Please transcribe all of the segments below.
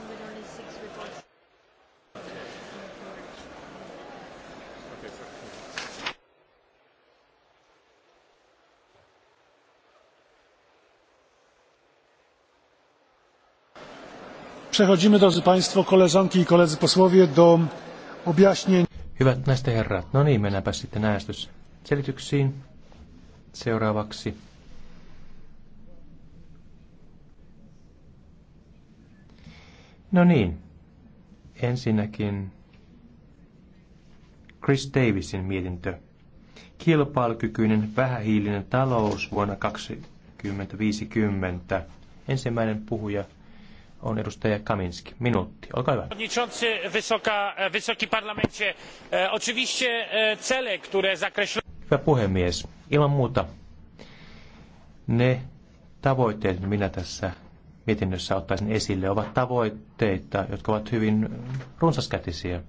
one with only six reports. Przechodzimy, drodzy Państwo, koleżanki i koledzy posłowie, do objaśnień. Hyvät näistä herrat, no niin, mennäänpä sitten äänestysselityksiin seuraavaksi. No niin, ensinnäkin Chris Davisin mietintö. Kilpailukykyinen vähähiilinen talous vuonna 2050. Ensimmäinen puhuja on edustaja Kaminski. Minuutti, olkaa hyvä. E, wysoki parlamencie, e, oczywiście e, cele, które Hyvä puhemies, ilman muuta ne tavoitteet, minä tässä mietinnössä ottaisin esille, ovat tavoitteita, jotka ovat hyvin runsaskätisiä.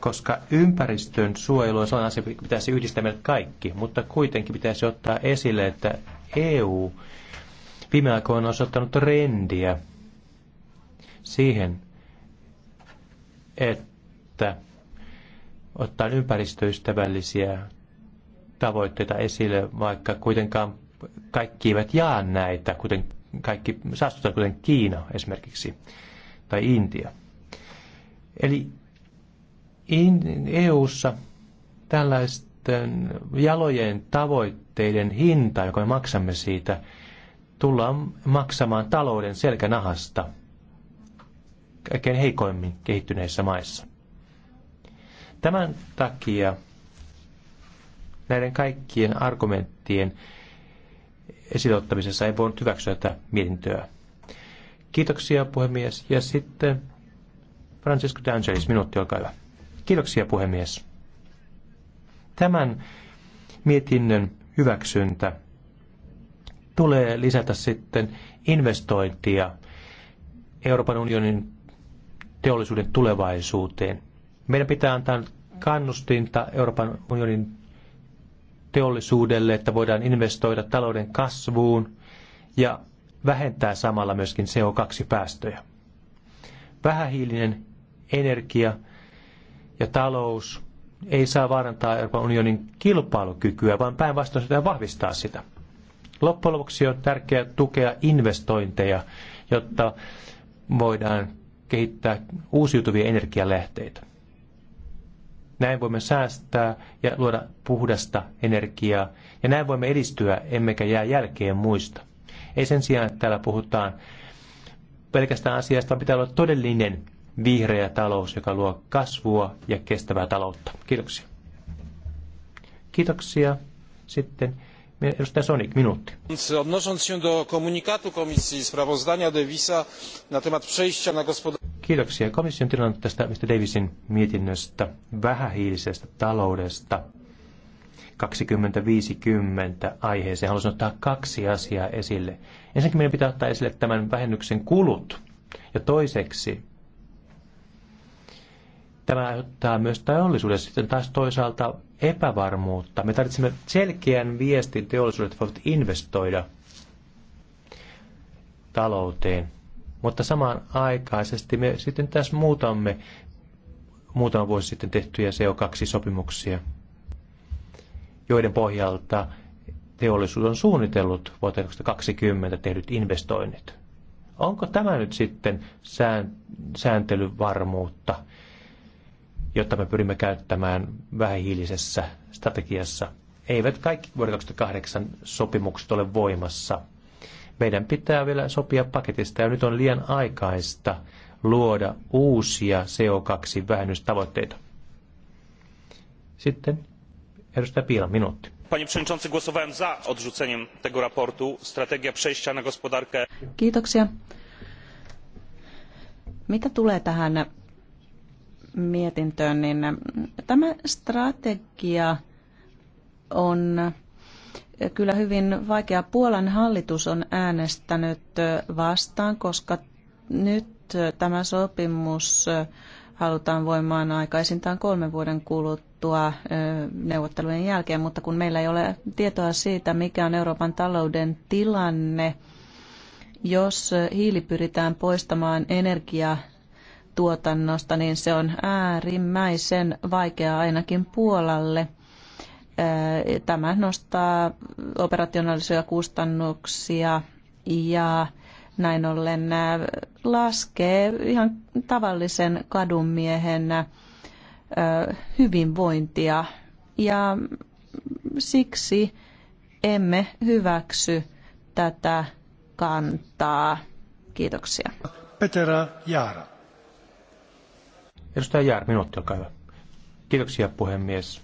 Koska ympäristön suojelu on sellainen asia, mitä pitäisi yhdistää meidät kaikki, mutta kuitenkin pitäisi ottaa esille, että EU viime aikoina on osoittanut trendiä siihen, että ottaa ympäristöystävällisiä tavoitteita esille, vaikka kuitenkaan kaikki eivät jaa näitä, kuten kaikki saastuttajat, kuten Kiina esimerkiksi, tai Intia. Eli EU-ssa tällaisten jalojen tavoitteiden hinta, joka me maksamme siitä, tullaan maksamaan talouden selkänahasta kaikkein heikoimmin kehittyneissä maissa. Tämän takia näiden kaikkien argumenttien esille ei voinut hyväksyä tätä mietintöä. Kiitoksia puhemies. Ja sitten Francisco D'Angelis, minuutti, olkaa hyvä. Kiitoksia puhemies. Tämän mietinnön hyväksyntä tulee lisätä sitten investointia Euroopan unionin teollisuuden tulevaisuuteen. Meidän pitää antaa kannustinta Euroopan unionin teollisuudelle, että voidaan investoida talouden kasvuun ja vähentää samalla myöskin CO2-päästöjä. Vähähiilinen energia ja talous ei saa vaarantaa Euroopan unionin kilpailukykyä, vaan päinvastoin sitä vahvistaa sitä. Loppujen lopuksi on tärkeää tukea investointeja, jotta voidaan kehittää uusiutuvia energialähteitä. Näin voimme säästää ja luoda puhdasta energiaa. Ja näin voimme edistyä, emmekä jää jälkeen muista. Ei sen sijaan, että täällä puhutaan pelkästään asiasta, vaan pitää olla todellinen vihreä talous, joka luo kasvua ja kestävää taloutta. Kiitoksia. Kiitoksia. Sitten Edustaja Sonik, minuutti. Odnosząc się do komunikatu komisji sprawozdania Devisa na temat przejścia na gospodarkę Kiitoksia komission tilannut tästä Mr. Davisin mietinnöstä vähähiilisestä taloudesta 2050 aiheeseen. Haluaisin ottaa kaksi asiaa esille. Ensinnäkin meidän pitää ottaa esille tämän vähennyksen kulut. Ja toiseksi tämä aiheuttaa myös teollisuudessa sitten taas toisaalta epävarmuutta. Me tarvitsemme selkeän viestin teollisuudet voivat investoida talouteen mutta samaan me sitten taas muutamme muutama vuosi sitten tehtyjä CO2-sopimuksia, joiden pohjalta teollisuus on suunnitellut vuoteen 2020 tehdyt investoinnit. Onko tämä nyt sitten sääntelyvarmuutta, jotta me pyrimme käyttämään vähähiilisessä strategiassa? Eivät kaikki vuoden 2008 sopimukset ole voimassa – meidän pitää vielä sopia paketista ja nyt on liian aikaista luoda uusia CO2-vähennystavoitteita. Sitten edustaja Piila, minuutti panie przewodniczący! głosowałem za odrzuceniem tego raportu. strategia przejścia na gospodarkę. kiitoksia. mitä tulee tähän mietintöön niin tämä strategia on kyllä hyvin vaikea. Puolan hallitus on äänestänyt vastaan, koska nyt tämä sopimus halutaan voimaan aikaisintaan kolmen vuoden kuluttua neuvottelujen jälkeen, mutta kun meillä ei ole tietoa siitä, mikä on Euroopan talouden tilanne, jos hiili pyritään poistamaan energia tuotannosta, niin se on äärimmäisen vaikea ainakin Puolalle – Tämä nostaa operationaalisia kustannuksia ja näin ollen laskee ihan tavallisen kadunmiehen hyvinvointia ja siksi emme hyväksy tätä kantaa. Kiitoksia. Petera Jaara. Edustaja Jaara, minuutti, olkaa hyvä. Kiitoksia puhemies.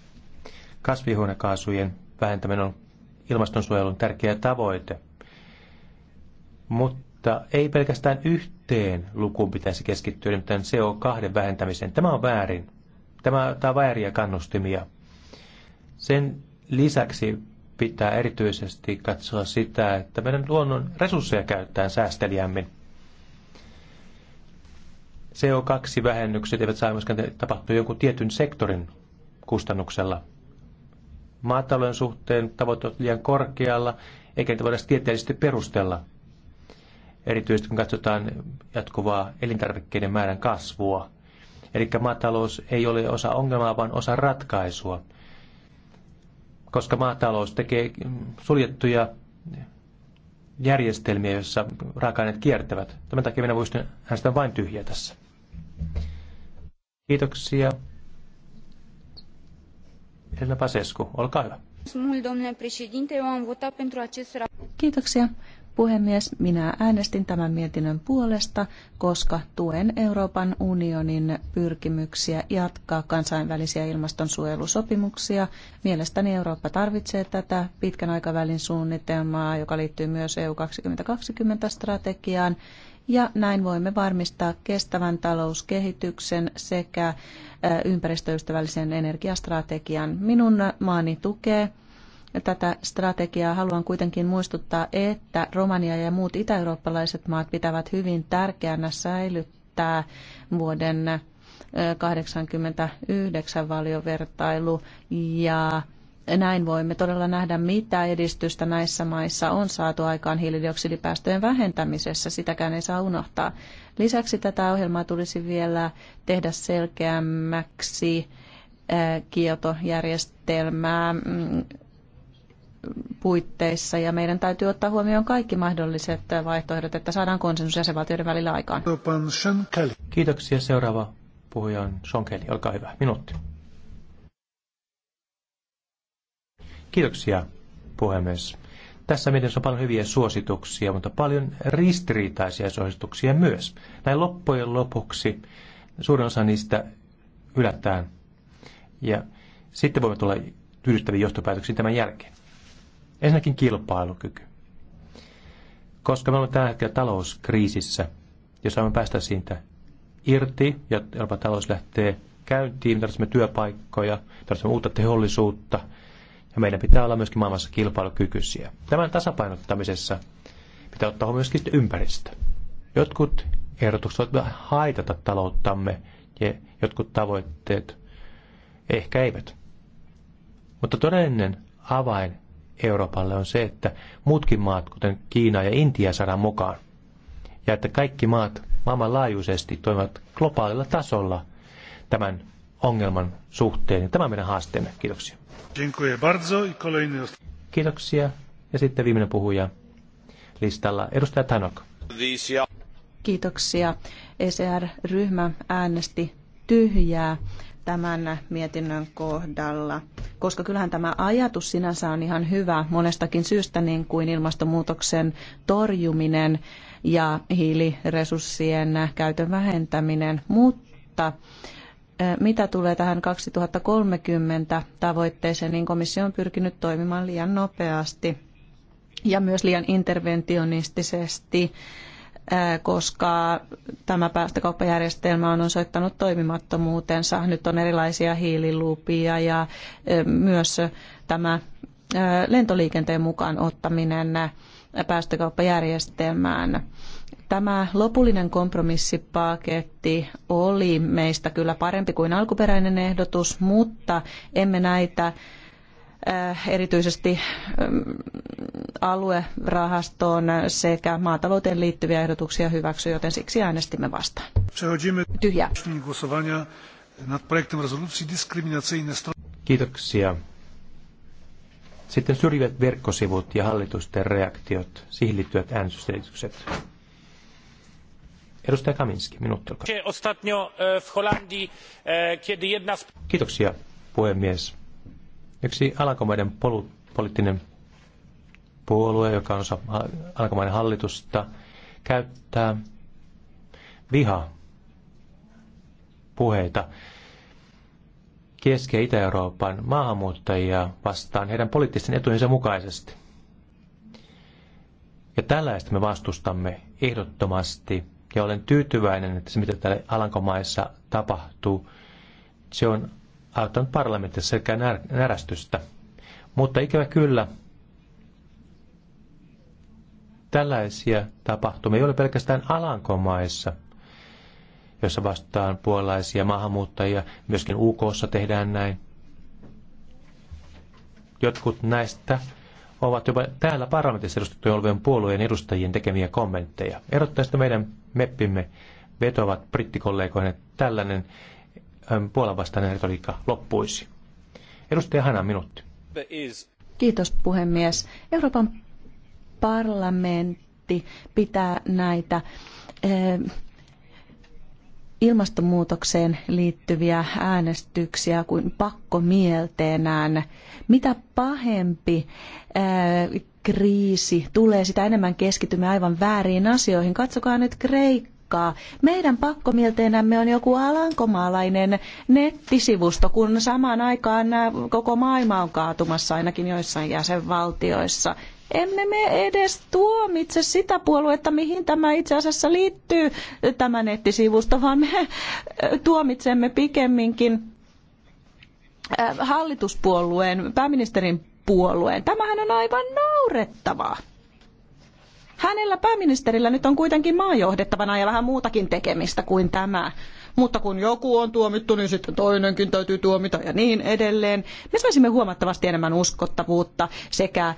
Kasvihuonekaasujen vähentäminen on ilmastonsuojelun tärkeä tavoite. Mutta ei pelkästään yhteen lukuun pitäisi keskittyä, nimittäin CO2 vähentämiseen. Tämä on väärin. Tämä, on vääriä kannustimia. Sen lisäksi pitää erityisesti katsoa sitä, että meidän luonnon resursseja käyttää säästeliämmin. CO2-vähennykset eivät saa myöskään tapahtua jonkun tietyn sektorin kustannuksella maatalouden suhteen tavoitteet ovat liian korkealla, eikä niitä voida tieteellisesti perustella. Erityisesti kun katsotaan jatkuvaa elintarvikkeiden määrän kasvua. Eli maatalous ei ole osa ongelmaa, vaan osa ratkaisua. Koska maatalous tekee suljettuja järjestelmiä, joissa raaka-aineet kiertävät. Tämän takia minä voisin hänestä vain tyhjä tässä. Kiitoksia. Elina Pasescu, olkaa hyvä. Kiitoksia puhemies, minä äänestin tämän mietinnön puolesta, koska tuen Euroopan unionin pyrkimyksiä jatkaa kansainvälisiä ilmastonsuojelusopimuksia. Mielestäni Eurooppa tarvitsee tätä pitkän aikavälin suunnitelmaa, joka liittyy myös EU 2020-strategiaan ja näin voimme varmistaa kestävän talouskehityksen sekä ympäristöystävällisen energiastrategian. Minun maani tukee tätä strategiaa. Haluan kuitenkin muistuttaa, että Romania ja muut Itä-Eurooppalaiset maat pitävät hyvin tärkeänä säilyttää vuoden 89 valiovertailu ja näin voimme todella nähdä, mitä edistystä näissä maissa on saatu aikaan hiilidioksidipäästöjen vähentämisessä. Sitäkään ei saa unohtaa. Lisäksi tätä ohjelmaa tulisi vielä tehdä selkeämmäksi eh, kiotojärjestelmää mm, puitteissa ja meidän täytyy ottaa huomioon kaikki mahdolliset vaihtoehdot, että saadaan konsensus jäsenvaltioiden välillä aikaan. Kiitoksia. Seuraava puhuja on Sean Kelly. Olkaa hyvä. Minuutti. Kiitoksia, puhemies. Tässä mietinnössä on paljon hyviä suosituksia, mutta paljon ristiriitaisia suosituksia myös. Näin loppujen lopuksi suurin osa niistä hylätään. Ja sitten voimme tulla tyydyttäviin johtopäätöksiin tämän jälkeen. Ensinnäkin kilpailukyky. Koska me olemme tällä hetkellä talouskriisissä, jos saamme päästä siitä irti ja Euroopan talous lähtee käyntiin, me tarvitsemme työpaikkoja, tarvitsemme uutta teollisuutta – ja meidän pitää olla myöskin maailmassa kilpailukykyisiä. Tämän tasapainottamisessa pitää ottaa huomioon myöskin ympäristö. Jotkut ehdotukset voivat haitata talouttamme ja jotkut tavoitteet ehkä eivät. Mutta todellinen avain Euroopalle on se, että muutkin maat, kuten Kiina ja Intia, saadaan mukaan. Ja että kaikki maat maailmanlaajuisesti toimivat globaalilla tasolla tämän ongelman suhteen. Tämä on meidän haasteemme. Kiitoksia. Kiitoksia. Ja sitten viimeinen puhuja listalla, edustaja Tanok. Kiitoksia. ECR-ryhmä äänesti tyhjää tämän mietinnön kohdalla, koska kyllähän tämä ajatus sinänsä on ihan hyvä monestakin syystä, niin kuin ilmastonmuutoksen torjuminen ja hiiliresurssien käytön vähentäminen, mutta mitä tulee tähän 2030 tavoitteeseen, niin komissio on pyrkinyt toimimaan liian nopeasti ja myös liian interventionistisesti, koska tämä päästökauppajärjestelmä on osoittanut toimimattomuutensa. Nyt on erilaisia hiililupia ja myös tämä lentoliikenteen mukaan ottaminen päästökauppajärjestelmään. Tämä lopullinen kompromissipaketti oli meistä kyllä parempi kuin alkuperäinen ehdotus, mutta emme näitä äh, erityisesti mm, aluerahastoon sekä maatalouteen liittyviä ehdotuksia hyväksy, joten siksi äänestimme vastaan. Tyhjä. Kiitoksia. Sitten syrjivät verkkosivut ja hallitusten reaktiot, siihen liittyvät äänestysselitykset. Edustaja Kaminski, minuutti olkaa. Ostatnio e, w Holandii, e, kiedy jedna... Kiitoksia, puhemies. Yksi alankomaiden polu, poliittinen puolue, joka on osa alankomaiden hallitusta, käyttää vihaa puheita Keski- ja Itä-Euroopan maahanmuuttajia vastaan heidän poliittisten etujensa mukaisesti. Ja tällaista me vastustamme ehdottomasti ja olen tyytyväinen, että se mitä täällä Alankomaissa tapahtuu, se on auttanut parlamentissa sekä när- närästystä. Mutta ikävä kyllä, tällaisia tapahtumia ei ole pelkästään Alankomaissa, jossa vastaan puolalaisia maahanmuuttajia, myöskin UKssa tehdään näin. Jotkut näistä ovat jopa täällä parlamentissa edustettujen olevien puolueen edustajien tekemiä kommentteja. Erottaisitte meidän meppimme vetovat brittikollegoihin, että tällainen ähm, Puolan vastainen retoriikka loppuisi. Edustaja Hanna, minuutti. Kiitos puhemies. Euroopan parlamentti pitää näitä ähm, ilmastonmuutokseen liittyviä äänestyksiä kuin pakkomielteenään. Mitä pahempi äh, kriisi tulee, sitä enemmän keskitymme aivan vääriin asioihin. Katsokaa nyt Kreikkaa. Meidän pakkomielteenämme on joku alankomaalainen nettisivusto, kun samaan aikaan äh, koko maailma on kaatumassa ainakin joissain jäsenvaltioissa. Emme me edes tuomitse sitä puoluetta, mihin tämä itse asiassa liittyy, tämä nettisivusto, vaan me äh, tuomitsemme pikemminkin äh, hallituspuolueen, pääministerin puolueen. Tämähän on aivan naurettavaa. Hänellä pääministerillä nyt on kuitenkin maa johdettavana ja vähän muutakin tekemistä kuin tämä. Mutta kun joku on tuomittu, niin sitten toinenkin täytyy tuomita ja niin edelleen. Me saisimme huomattavasti enemmän uskottavuutta sekä äh,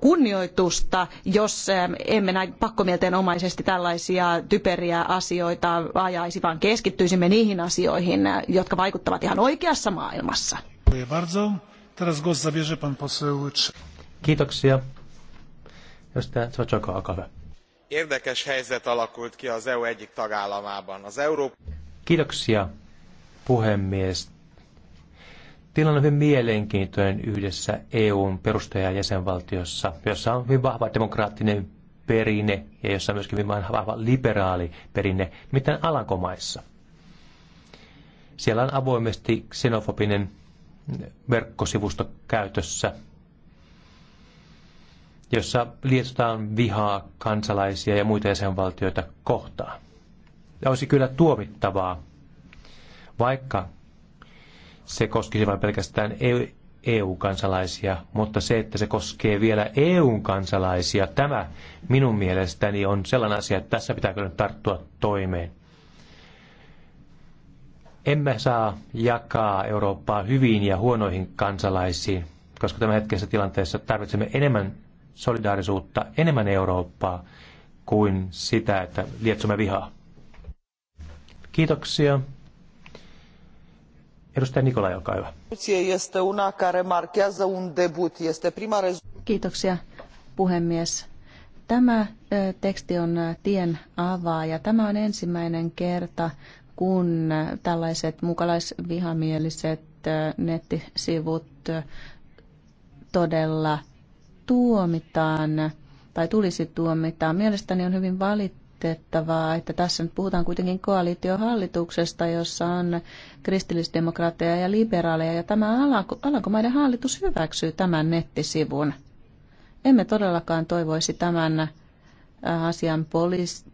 kunnioitusta, jos äh, emme näin pakkomielteenomaisesti tällaisia typeriä asioita ajaisi, vaan keskittyisimme niihin asioihin, äh, jotka vaikuttavat ihan oikeassa maailmassa. Teraz głos zabierze pan poseł... Kiitoksia. Edustaja Tsotsoko, olkaa hyvä. Érdekes helyzet alakult ki az EU egyik tagállamában. Az Euró... Kiitoksia, puhemies. Tilanne on hyvin mielenkiintoinen yhdessä EUn jossa on hyvin vahva demokraattinen perinne ja jossa on myöskin hyvin vahva liberaali perinne, nimittäin Alankomaissa. Siellä on avoimesti xenofobinen verkkosivusto käytössä, jossa lietsotaan vihaa kansalaisia ja muita jäsenvaltioita kohtaan. Ja olisi kyllä tuomittavaa, vaikka se koskisi vain pelkästään e- EU-kansalaisia, mutta se, että se koskee vielä EU-kansalaisia, tämä minun mielestäni on sellainen asia, että tässä pitää kyllä tarttua toimeen. Emme saa jakaa Eurooppaa hyviin ja huonoihin kansalaisiin, koska tämänhetkisessä tilanteessa tarvitsemme enemmän solidaarisuutta, enemmän Eurooppaa kuin sitä, että lietsomme vihaa. Kiitoksia. Edustaja Nikola, olkaa hyvä. Kiitoksia, puhemies. Tämä teksti on tien avaaja. Tämä on ensimmäinen kerta, kun tällaiset mukalaisvihamieliset nettisivut todella tuomitaan tai tulisi tuomita. Mielestäni on hyvin valitettavaa, että tässä nyt puhutaan kuitenkin koalitiohallituksesta, jossa on kristillisdemokraatteja ja liberaaleja, ja tämä Alanko, Alankomaiden hallitus hyväksyy tämän nettisivun. Emme todellakaan toivoisi tämän asian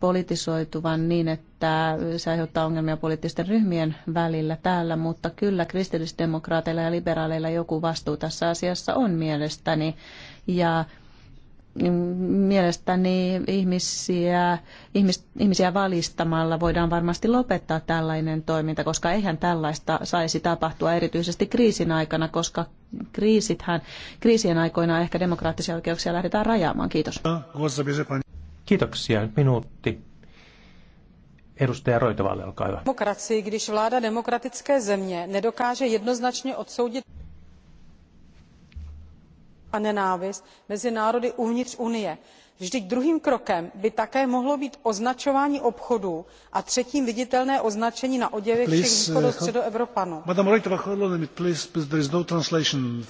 politisoituvan niin, että se aiheuttaa ongelmia poliittisten ryhmien välillä täällä, mutta kyllä kristillisdemokraateilla ja liberaaleilla joku vastuu tässä asiassa on mielestäni. Ja mm, mielestäni ihmisiä, ihmis, ihmisiä valistamalla voidaan varmasti lopettaa tällainen toiminta, koska eihän tällaista saisi tapahtua erityisesti kriisin aikana, koska kriisithän, kriisien aikoina ehkä demokraattisia oikeuksia lähdetään rajaamaan. Kiitos. Kiitoksia. Minuutti. Edustaja Roitovalle, olkaa hyvä. Demokracii, když vláda demokratické země nedokáže jednoznačně odsoudit a nenávist mezi národy uvnitř unie vždyť druhým krokem by také mohlo být označování obchodů a třetím viditelné označení na oděvech všech eh, východo středoevropanů.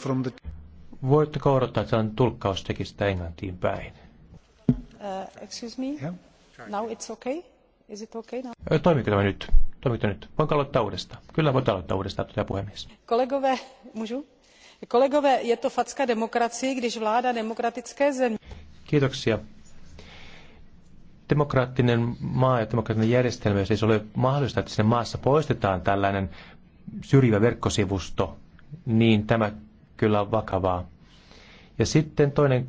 No Voitteko odottaa, että tulkkaus tekisi englantiin päin? Uh, nyt? nyt? Kyllä tuota je to facka demokracii, když vláda demokratické země. Kiitoksia. Demokraattinen maa ja demokraattinen järjestelmä, jos ei se ole mahdollista, että sinne maassa poistetaan tällainen syrjivä verkkosivusto, niin tämä kyllä on vakavaa. Ja sitten toinen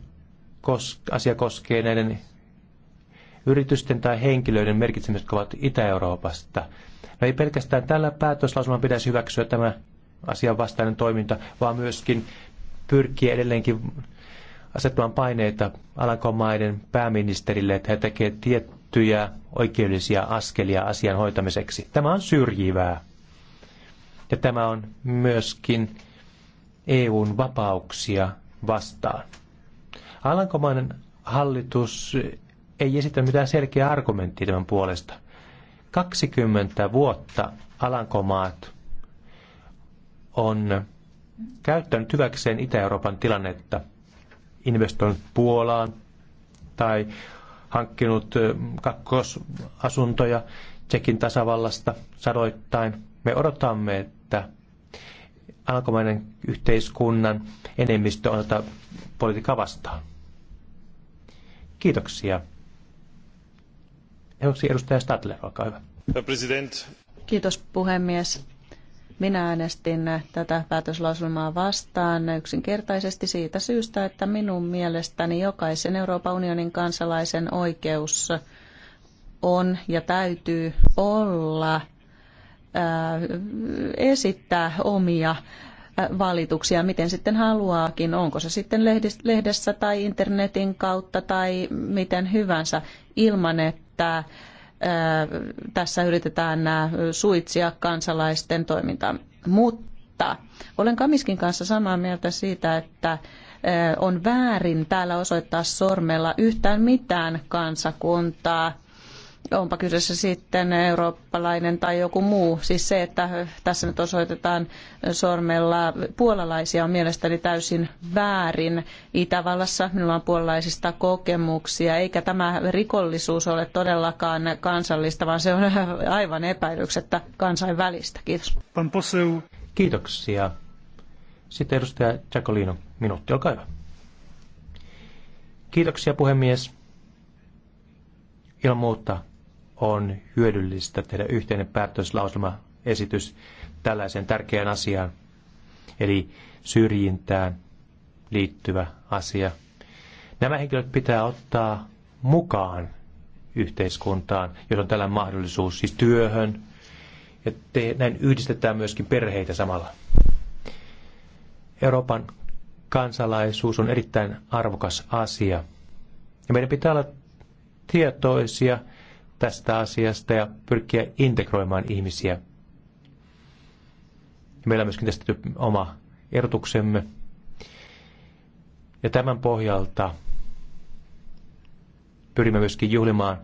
asia koskee näiden yritysten tai henkilöiden merkitsemistä, jotka ovat Itä-Euroopasta. No ei pelkästään tällä päätöslausumalla pitäisi hyväksyä tämä asian vastainen toiminta, vaan myöskin pyrkiä edelleenkin asettamaan paineita Alankomaiden pääministerille, että he tekevät tiettyjä oikeudellisia askelia asian hoitamiseksi. Tämä on syrjivää. Ja tämä on myöskin EUn vapauksia vastaan. Alankomainen hallitus ei esitä mitään selkeää argumenttia tämän puolesta. 20 vuotta Alankomaat on käyttänyt hyväkseen Itä-Euroopan tilannetta, investoinut Puolaan tai hankkinut kakkosasuntoja Tsekin tasavallasta sadoittain. Me odotamme, että alkomainen yhteiskunnan enemmistö on tätä politiikkaa vastaan. Kiitoksia. Ehoksi edustaja Stadler, olkaa hyvä. President. Kiitos puhemies. Minä äänestin tätä päätöslauselmaa vastaan yksinkertaisesti siitä syystä, että minun mielestäni jokaisen Euroopan unionin kansalaisen oikeus on ja täytyy olla – Äh, esittää omia äh, valituksia, miten sitten haluaakin, onko se sitten lehdessä tai internetin kautta tai miten hyvänsä, ilman että äh, tässä yritetään suitsia kansalaisten toimintaa. Mutta olen Kamiskin kanssa samaa mieltä siitä, että on väärin täällä osoittaa sormella yhtään mitään kansakuntaa onpa kyseessä sitten eurooppalainen tai joku muu. Siis se, että tässä nyt osoitetaan sormella puolalaisia on mielestäni täysin väärin. Itävallassa minulla on puolalaisista kokemuksia, eikä tämä rikollisuus ole todellakaan kansallista, vaan se on aivan epäilyksettä kansainvälistä. Kiitos. Kiitoksia. Sitten edustaja Jacolino, minuutti, olkaa hyvä. Kiitoksia puhemies. Ilman muuta on hyödyllistä tehdä yhteinen esitys tällaiseen tärkeään asiaan, eli syrjintään liittyvä asia. Nämä henkilöt pitää ottaa mukaan yhteiskuntaan, jos on tällainen mahdollisuus, siis työhön. Ja te, näin yhdistetään myöskin perheitä samalla. Euroopan kansalaisuus on erittäin arvokas asia. Ja meidän pitää olla tietoisia tästä asiasta ja pyrkiä integroimaan ihmisiä. Ja meillä on myöskin tästä oma erotuksemme. Ja tämän pohjalta pyrimme myöskin juhlimaan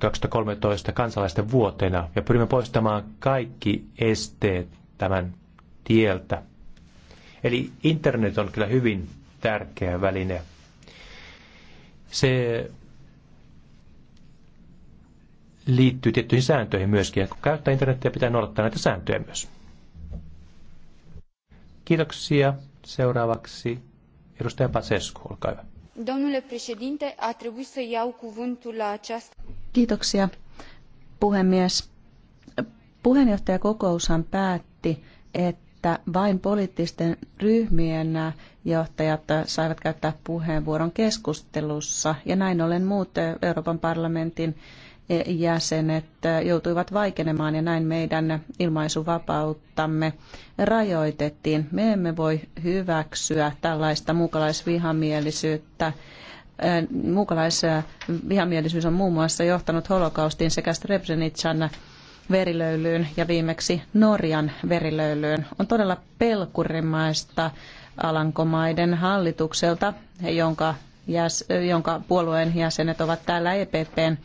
2013 kansalaisten vuotena ja pyrimme poistamaan kaikki esteet tämän tieltä. Eli internet on kyllä hyvin tärkeä väline. Se liittyy tiettyihin sääntöihin myöskin, ja kun käyttää internetiä, pitää noudattaa näitä sääntöjä myös. Kiitoksia. Seuraavaksi edustaja Pasescu, olkaa hyvä. Domnule președinte, a trebuit să iau cuvântul la această... Kiitoksia, puhemies. Puheenjohtajakokoushan päätti, että vain poliittisten ryhmien johtajat saivat käyttää puheenvuoron keskustelussa, ja näin ollen muut Euroopan parlamentin jäsenet joutuivat vaikenemaan ja näin meidän ilmaisuvapauttamme rajoitettiin. Me emme voi hyväksyä tällaista muukalaisvihamielisyyttä. Muukalaisvihamielisyys on muun muassa johtanut holokaustiin sekä Srebrenitsan verilöylyyn ja viimeksi Norjan verilöylyyn. On todella pelkurimaista Alankomaiden hallitukselta, jonka jonka puolueen jäsenet ovat täällä EPPn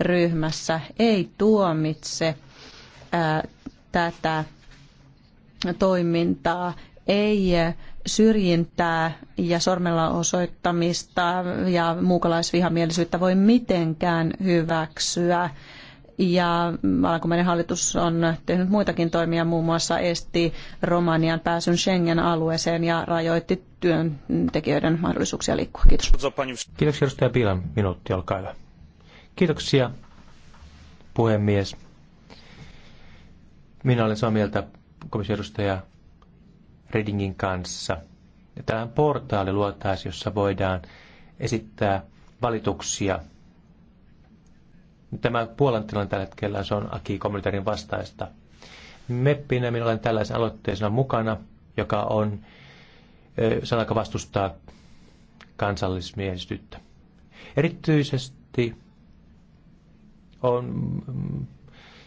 ryhmässä, ei tuomitse ää, tätä toimintaa, ei syrjintää ja sormella osoittamista ja muukalaisvihamielisyyttä voi mitenkään hyväksyä. Ja Valkomainen hallitus on tehnyt muitakin toimia, muun muassa esti Romanian pääsyn Schengen-alueeseen ja rajoitti työntekijöiden mahdollisuuksia liikkua. Kiitos. Kiitoksia edustaja Piilan. Minuutti, olkaa hyvä. Kiitoksia puhemies. Minä olen samaa mieltä komission edustaja Redingin kanssa. tällainen portaali luotaisi, jossa voidaan esittää valituksia Tämä Puolan tilanne tällä hetkellä se on aki kommunitarin vastaista. Meppinä minä olen tällaisen aloitteisena mukana, joka on sanaka vastustaa kansallismielisyyttä. Erityisesti on mm,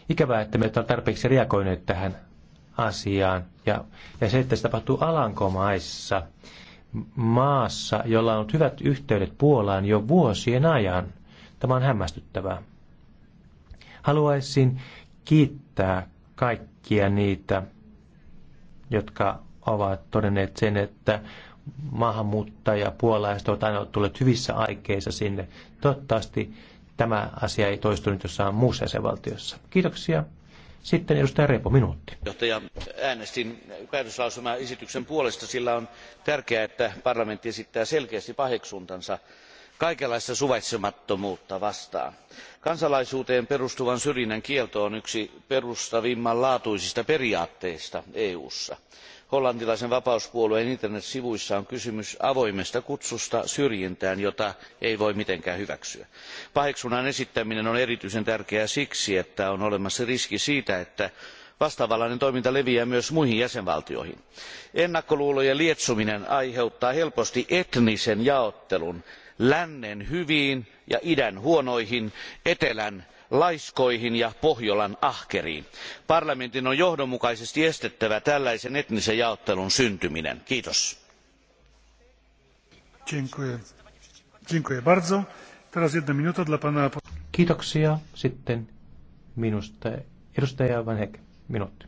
ikävää, että me on tarpeeksi reagoineet tähän asiaan. Ja, ja se, että se tapahtuu Alankomaissa, maassa, jolla on ollut hyvät yhteydet Puolaan jo vuosien ajan. Tämä on hämmästyttävää. Haluaisin kiittää kaikkia niitä, jotka ovat todenneet sen, että maahanmuuttaja puolaiset ovat aina tulleet hyvissä aikeissa sinne. Toivottavasti tämä asia ei toistunut jossain muussa jäsenvaltiossa. Kiitoksia. Sitten edustaja Repo, minuutti. Johtaja, äänestin esityksen puolesta, sillä on tärkeää, että parlamentti esittää selkeästi paheksuntansa kaikenlaista suvaitsemattomuutta vastaan. kansalaisuuteen perustuvan syrjinnän kielto on yksi perustavanlaatuisista periaatteista eu ssa. hollantilaisen vapauspuolueen internet sivuissa on kysymys avoimesta kutsusta syrjintään jota ei voi mitenkään hyväksyä. paheksunnan esittäminen on erityisen tärkeää siksi että on olemassa riski siitä että vastaavanlainen toiminta leviää myös muihin jäsenvaltioihin. ennakkoluulojen lietsominen aiheuttaa helposti etnisen jaottelun lännen hyviin ja idän huonoihin etelän laiskoihin ja pohjolan ahkeriin. parlamentin on johdonmukaisesti estettävä tällaisen etnisen jaottelun syntyminen. kiitos. Kiitoksia. Sitten minusta edustaja Van Heck, minuutti.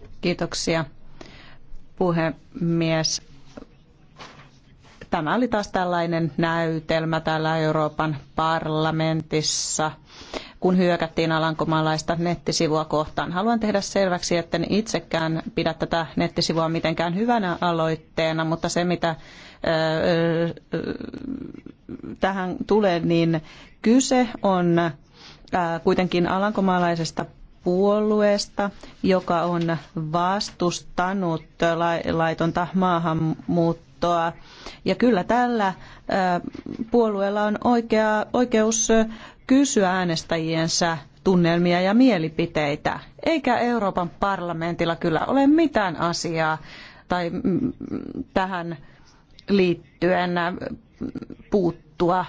Uh, Kiitoksia puhemies Tämä oli taas tällainen näytelmä täällä Euroopan parlamentissa, kun hyökättiin alankomaalaista nettisivua kohtaan. Haluan tehdä selväksi, etten itsekään pidä tätä nettisivua mitenkään hyvänä aloitteena, mutta se mitä öö, tähän tulee, niin kyse on kuitenkin alankomaalaisesta puolueesta, joka on vastustanut laitonta maahanmuuttoa. Ja kyllä tällä puolueella on oikea, oikeus kysyä äänestäjiensä tunnelmia ja mielipiteitä, eikä Euroopan parlamentilla kyllä ole mitään asiaa tai tähän liittyen puuttua.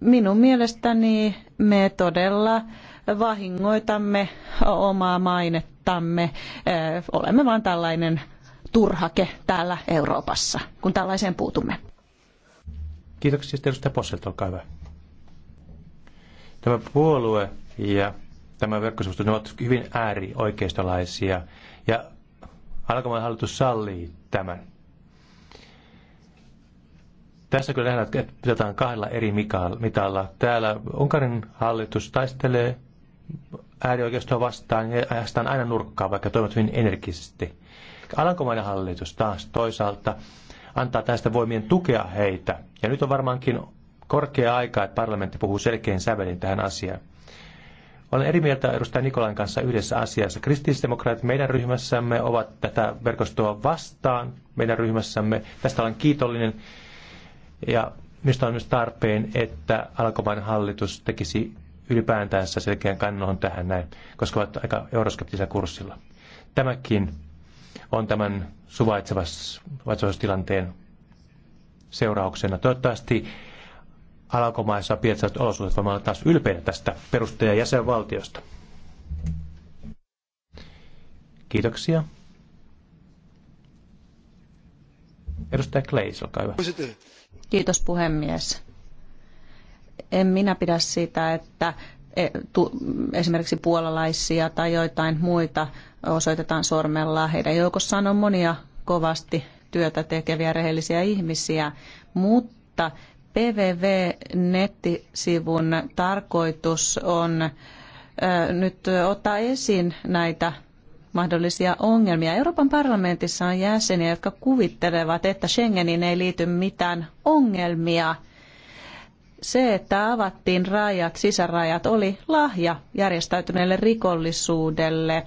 Minun mielestäni me todella vahingoitamme omaa mainettamme. Eh, olemme vain tällainen turhake täällä Euroopassa, kun tällaiseen puutumme. Kiitoksia edustaja Posselt, olkaa hyvä. Tämä puolue ja tämä verkkosivusto, ne ovat hyvin äärioikeistolaisia ja alkamaan hallitus sallii tämän. Tässä kyllä nähdään, että pitataan kahdella eri mitalla. Täällä Unkarin hallitus taistelee äärioikeistoa vastaan ja ajastaan aina nurkkaa, vaikka toimivat hyvin energisesti. Alankomainen hallitus taas toisaalta antaa tästä voimien tukea heitä. Ja nyt on varmaankin korkea aika, että parlamentti puhuu selkein sävelin tähän asiaan. Olen eri mieltä edustaja Nikolan kanssa yhdessä asiassa. Kristillisdemokraatit meidän ryhmässämme ovat tätä verkostoa vastaan meidän ryhmässämme. Tästä olen kiitollinen ja minusta on myös tarpeen, että Alkomaan hallitus tekisi ylipäätänsä selkeän kannon tähän näin, koska ovat aika euroskeptisellä kurssilla. Tämäkin on tämän tilanteen seurauksena. Toivottavasti alankomaissa pietsäiset olosuhteet voimme olla taas ylpeitä tästä perustajan jäsenvaltiosta. Kiitoksia. Edustaja Kleis, olkaa hyvä. Kiitos puhemies en minä pidä sitä, että e, esimerkiksi puolalaisia tai joitain muita osoitetaan sormella. Heidän joukossaan on monia kovasti työtä tekeviä rehellisiä ihmisiä, mutta PVV-nettisivun tarkoitus on e, nyt ottaa esiin näitä mahdollisia ongelmia. Euroopan parlamentissa on jäseniä, jotka kuvittelevat, että Schengenin ei liity mitään ongelmia – se, että avattiin rajat, sisärajat, oli lahja järjestäytyneelle rikollisuudelle.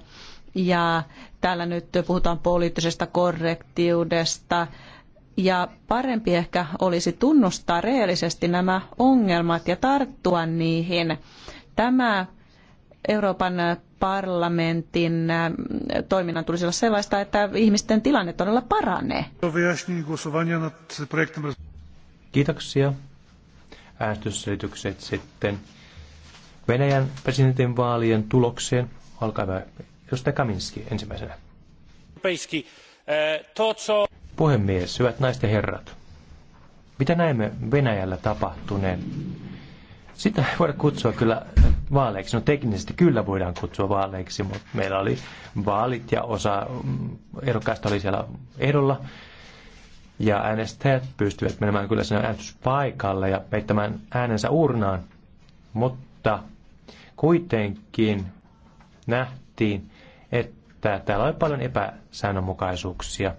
Ja täällä nyt puhutaan poliittisesta korrektiudesta. Ja parempi ehkä olisi tunnustaa reellisesti nämä ongelmat ja tarttua niihin. Tämä Euroopan parlamentin äh, toiminnan tulisi olla sellaista, että ihmisten tilanne todella paranee. Kiitoksia äänestysselitykset sitten Venäjän presidentin vaalien tulokseen. Olkaa hyvä. Kaminski ensimmäisenä. Eh, Puhemies, hyvät naiset ja herrat. Mitä näemme Venäjällä tapahtuneen? Sitä ei voida kutsua kyllä vaaleiksi. No teknisesti kyllä voidaan kutsua vaaleiksi, mutta meillä oli vaalit ja osa mm, ehdokkaista oli siellä ehdolla ja äänestäjät pystyvät menemään kyllä sinne äänestyspaikalle ja peittämään äänensä urnaan. Mutta kuitenkin nähtiin, että täällä oli paljon epäsäännönmukaisuuksia.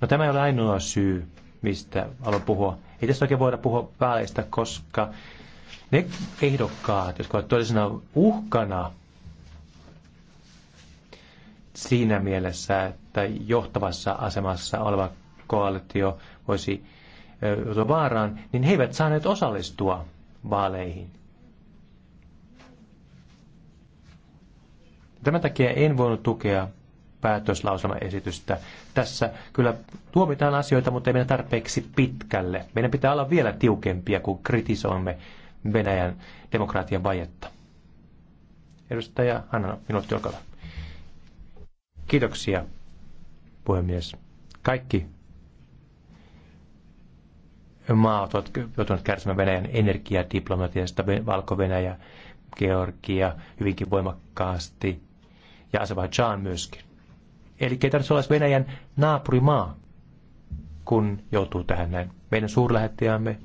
No tämä ei ole ainoa syy, mistä haluan puhua. Ei tässä oikein voida puhua väleistä, koska ne ehdokkaat, jotka ovat toisena uhkana siinä mielessä, että johtavassa asemassa oleva koalitio voisi joutua vaaraan, niin he eivät saaneet osallistua vaaleihin. Tämän takia en voinut tukea päätöslauselmaesitystä. Tässä kyllä tuomitaan asioita, mutta ei mennä tarpeeksi pitkälle. Meidän pitää olla vielä tiukempia, kun kritisoimme Venäjän demokratian vajetta. Edustaja Anna minuutti olkaa Kiitoksia, puhemies. Kaikki maat ovat joutuneet kärsimään Venäjän energiadiplomatiasta, Valko-Venäjä, Georgia hyvinkin voimakkaasti ja Azerbaijan myöskin. Eli ei tarvitse olla Venäjän naapurimaa, kun joutuu tähän näin. Meidän suurlähettiämme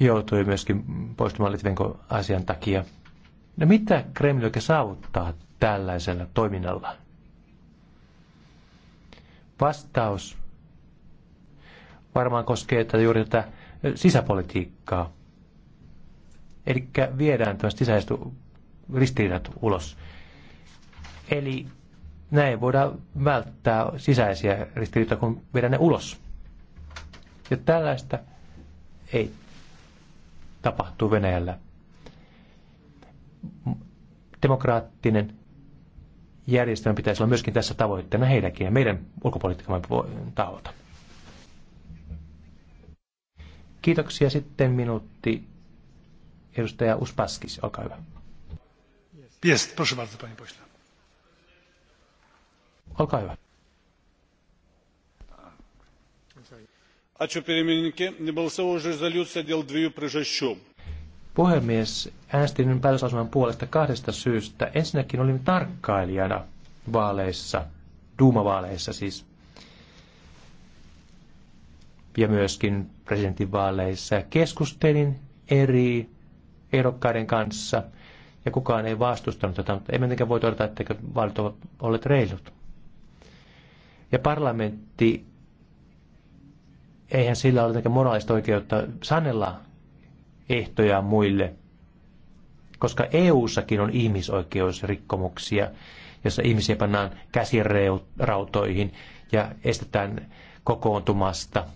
joutui myöskin poistumaan Litvenko asian takia. No mitä Kreml oikein saavuttaa tällaisella toiminnalla? Vastaus varmaan koskee tätä juuri tätä sisäpolitiikkaa. Eli viedään tämmöiset sisäiset ristiriidat ulos. Eli näin voidaan välttää sisäisiä ristiriitoja, kun viedään ne ulos. Ja tällaista ei tapahtu Venäjällä. Demokraattinen järjestelmä pitäisi olla myöskin tässä tavoitteena heidänkin ja meidän ulkopolitiikan taholta. Kiitoksia. Sitten minuutti edustaja Uspaskis, olkaa hyvä. Jest, proszę bardzo, panie pośle. Olkaa hyvä. Ačiū pirmininkė, nebalsavau už rezoliuciją dėl dviejų priežasčių. Puhemies, äänestin päätöslausuman puolesta kahdesta syystä. Ensinnäkin olin tarkkailijana vaaleissa, duumavaaleissa siis ja myöskin presidentinvaaleissa keskustelin eri ehdokkaiden kanssa ja kukaan ei vastustanut tätä, mutta emme voi todeta, että vaalit ovat olleet reilut. Ja parlamentti, eihän sillä ole mitenkään moraalista oikeutta sanella ehtoja muille, koska EU-sakin on ihmisoikeusrikkomuksia, jossa ihmisiä pannaan käsirautoihin ja estetään kokoontumasta –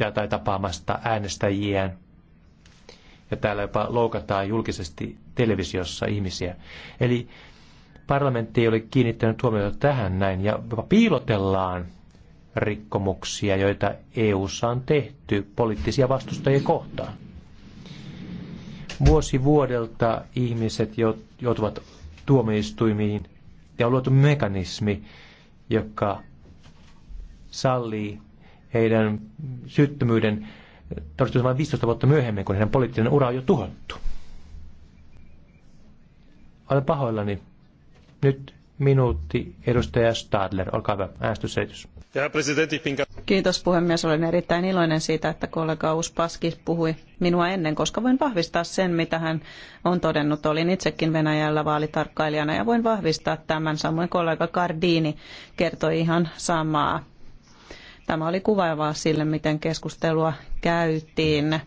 ja tai tapaamasta äänestäjiään. Ja täällä jopa loukataan julkisesti televisiossa ihmisiä. Eli parlamentti ei ole kiinnittänyt huomiota tähän näin ja jopa piilotellaan rikkomuksia, joita EU:ssa on tehty poliittisia vastustajia kohtaan. Vuosi vuodelta ihmiset joutuvat tuomioistuimiin ja on luotu mekanismi, joka sallii heidän syyttömyyden todistus vain 15 vuotta myöhemmin, kun heidän poliittinen ura on jo tuhottu. Olen pahoillani. Nyt minuutti edustaja Stadler. Olkaa hyvä, Äänestysseitys. Kiitos puhemies. Olen erittäin iloinen siitä, että kollega Uspaski puhui minua ennen, koska voin vahvistaa sen, mitä hän on todennut. Olin itsekin Venäjällä vaalitarkkailijana ja voin vahvistaa tämän. Samoin kollega Gardini kertoi ihan samaa. Tämä oli kuvaavaa sille, miten keskustelua käytiin.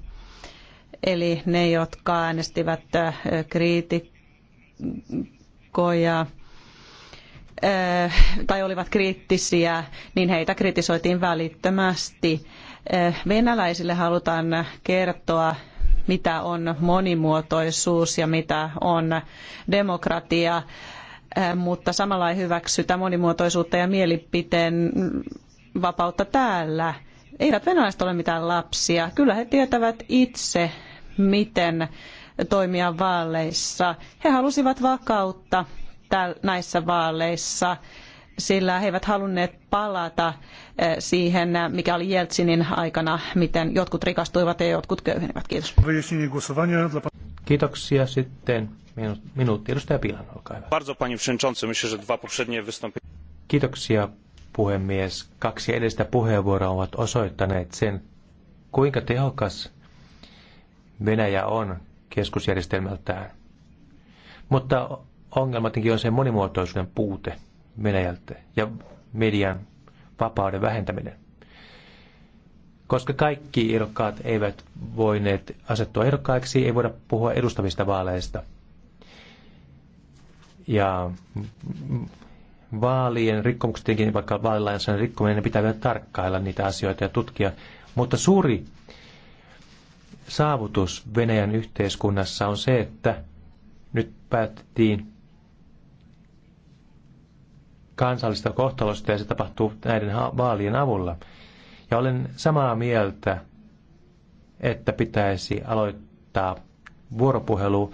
Eli ne, jotka äänestivät kriitikkoja, tai olivat kriittisiä, niin heitä kritisoitiin välittömästi. Venäläisille halutaan kertoa, mitä on monimuotoisuus ja mitä on demokratia, mutta samalla ei hyväksytä monimuotoisuutta ja mielipiteen vapautta täällä. Eivät venäläiset ole mitään lapsia. Kyllä he tietävät itse, miten toimia vaaleissa. He halusivat vakautta näissä vaaleissa, sillä he eivät halunneet palata eh, siihen, eh, mikä oli Jeltsinin aikana, miten jotkut rikastuivat ja jotkut köyhenivät. Kiitos. Kiitoksia sitten. Minuutti. Edustaja Pilan, olkaa hyvä. Kiitoksia puhemies. Kaksi edellistä puheenvuoroa ovat osoittaneet sen, kuinka tehokas Venäjä on keskusjärjestelmältään. Mutta ongelma on sen monimuotoisuuden puute Venäjältä ja median vapauden vähentäminen. Koska kaikki ehdokkaat eivät voineet asettua ehdokkaiksi, ei voida puhua edustavista vaaleista. Ja vaalien rikkomukset, tietenkin vaikka vaalilainsäädännön rikkominen, ne pitää vielä tarkkailla niitä asioita ja tutkia. Mutta suuri saavutus Venäjän yhteiskunnassa on se, että nyt päätettiin kansallista kohtalosta ja se tapahtuu näiden vaalien avulla. Ja olen samaa mieltä, että pitäisi aloittaa vuoropuhelu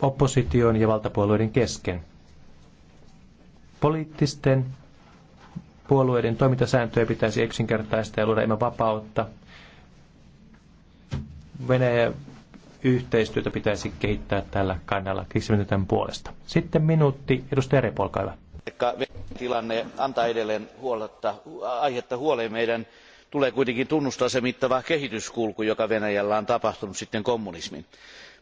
opposition ja valtapuolueiden kesken. Poliittisten puolueiden toimintasääntöjä pitäisi yksinkertaistaa ja luoda enemmän vapautta. Venäjä yhteistyötä pitäisi kehittää tällä kannalla kriisimietintöjen puolesta. Sitten minuutti. Edustaja Repo, olkaa hyvä. Tilanne antaa edelleen huoletta, aihetta huoleen. Meidän tulee kuitenkin tunnustaa se mittava kehityskulku, joka Venäjällä on tapahtunut sitten kommunismin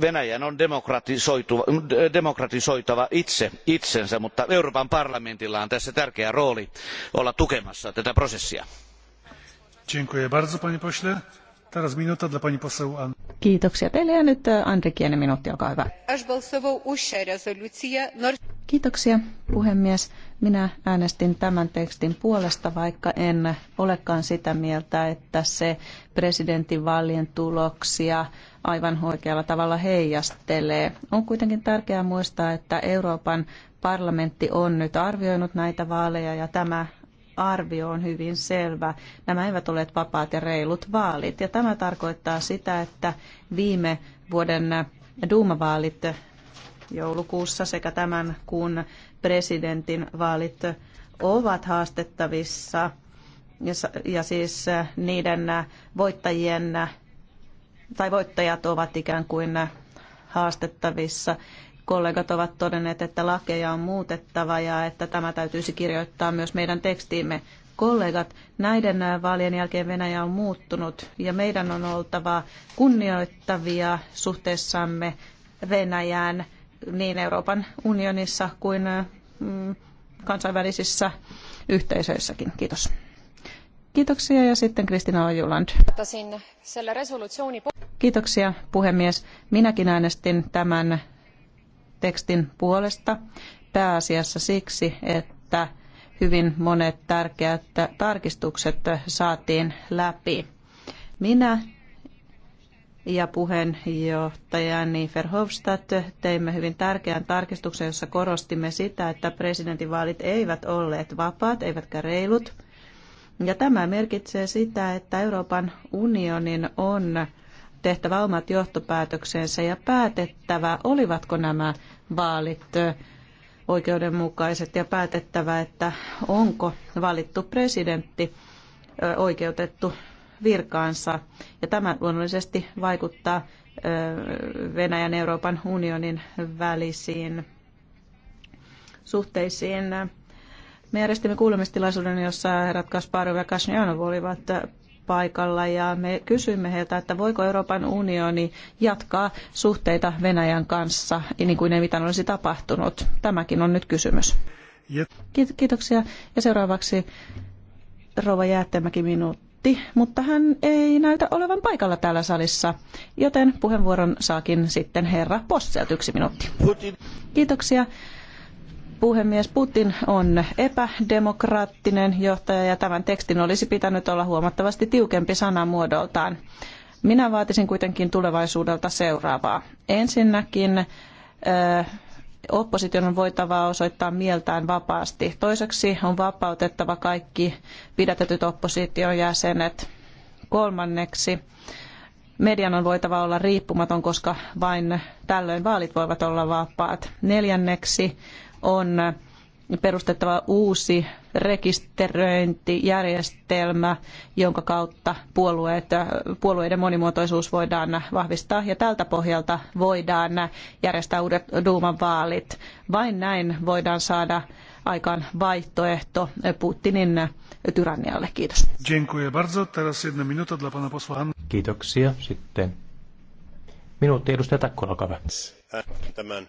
venäjän on demokratisoitava itse itsensä mutta euroopan parlamentilla on tässä tärkeä rooli olla tukemassa tätä prosessia. Teraz minuutta dla pani poseł Kiitoksia teille ja nyt Andri Kienen minuutti, olkaa hyvä. Kiitoksia puhemies. Minä äänestin tämän tekstin puolesta, vaikka en olekaan sitä mieltä, että se presidentinvaalien tuloksia aivan oikealla tavalla heijastelee. On kuitenkin tärkeää muistaa, että Euroopan parlamentti on nyt arvioinut näitä vaaleja ja tämä arvio on hyvin selvä. Nämä eivät ole vapaat ja reilut vaalit. Ja tämä tarkoittaa sitä, että viime vuoden duumavaalit joulukuussa sekä tämän kuun presidentin vaalit ovat haastettavissa ja siis eh, niiden eh, voittajien eh, tai voittajat ovat ikään kuin haastettavissa kollegat ovat todenneet, että lakeja on muutettava ja että tämä täytyisi kirjoittaa myös meidän tekstiimme. Kollegat, näiden äh, vaalien jälkeen Venäjä on muuttunut ja meidän on oltava kunnioittavia suhteessamme Venäjään niin Euroopan unionissa kuin äh, mm, kansainvälisissä yhteisöissäkin. Kiitos. Kiitoksia ja sitten Kristina Ojuland. Kiitoksia puhemies. Minäkin äänestin tämän tekstin puolesta pääasiassa siksi, että hyvin monet tärkeät tarkistukset saatiin läpi. Minä ja puheenjohtajani Verhofstadt teimme hyvin tärkeän tarkistuksen, jossa korostimme sitä, että presidentinvaalit eivät olleet vapaat eivätkä reilut. Ja tämä merkitsee sitä, että Euroopan unionin on tehtävä omat johtopäätöksensä ja päätettävä, olivatko nämä vaalit oikeudenmukaiset ja päätettävä, että onko valittu presidentti oikeutettu virkaansa. Ja tämä luonnollisesti vaikuttaa Venäjän Euroopan unionin välisiin suhteisiin. Me järjestimme kuulemistilaisuuden, jossa herrat Kasparov ja Kashnyanov olivat paikalla ja me kysymme heiltä, että voiko Euroopan unioni jatkaa suhteita Venäjän kanssa, niin kuin ei mitään olisi tapahtunut. Tämäkin on nyt kysymys. Kiitoksia. Ja seuraavaksi rouva Jäättämäki minuutti, mutta hän ei näytä olevan paikalla täällä salissa, joten puheenvuoron saakin sitten herra Posselt yksi minuutti. Kiitoksia puhemies, Putin on epädemokraattinen johtaja ja tämän tekstin olisi pitänyt olla huomattavasti tiukempi sanamuodoltaan. Minä vaatisin kuitenkin tulevaisuudelta seuraavaa. Ensinnäkin opposition on voitava osoittaa mieltään vapaasti. Toiseksi on vapautettava kaikki pidätetyt opposition jäsenet. Kolmanneksi median on voitava olla riippumaton, koska vain tällöin vaalit voivat olla vapaat. Neljänneksi on perustettava uusi rekisteröintijärjestelmä, jonka kautta puolueet, puolueiden monimuotoisuus voidaan vahvistaa ja tältä pohjalta voidaan järjestää uudet Duuman vaalit. Vain näin voidaan saada aikaan vaihtoehto Putinin tyrannialle. Kiitos. Kiitoksia. Sitten minuutti edustaja Takkola, Tämän